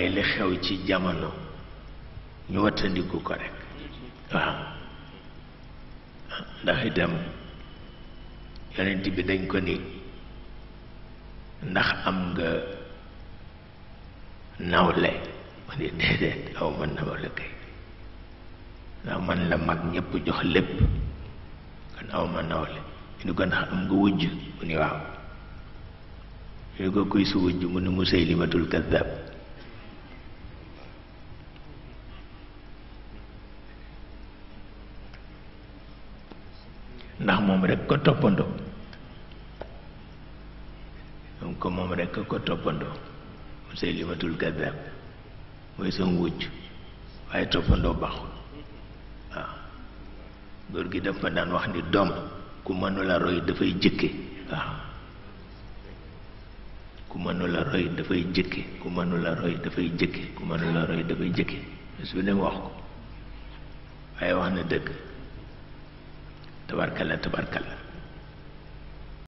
ay li xew ci jamono ñu wattandiku ko rek waaw ndax itam yonent bi dañ ko ni ndax am nga nawle mu ni déedéet aw nawle kay ndax man la mag ñépp jox lépp kon aw nawle ñu ni ko ndax am nga wujj mu ni waaw ñu ni ko kuy su wujj mu ni Musaylimatul Kazzaab ndax moom rek ko toppandoo donc moom rek ko toppandoo Musaylimatul Kazzaab mooy sa wujj waaye toppandoo baaxul waaw góor gi dafa daan wax ni doom ku mënula roy dafay jëkke waaw ku mënula roy dafay jëkke ku mënula roy dafay jëkke ku mënula roy dafay jëkke bés bu ne wax ko waaye wax na dëgg tabarkalla tabarkalla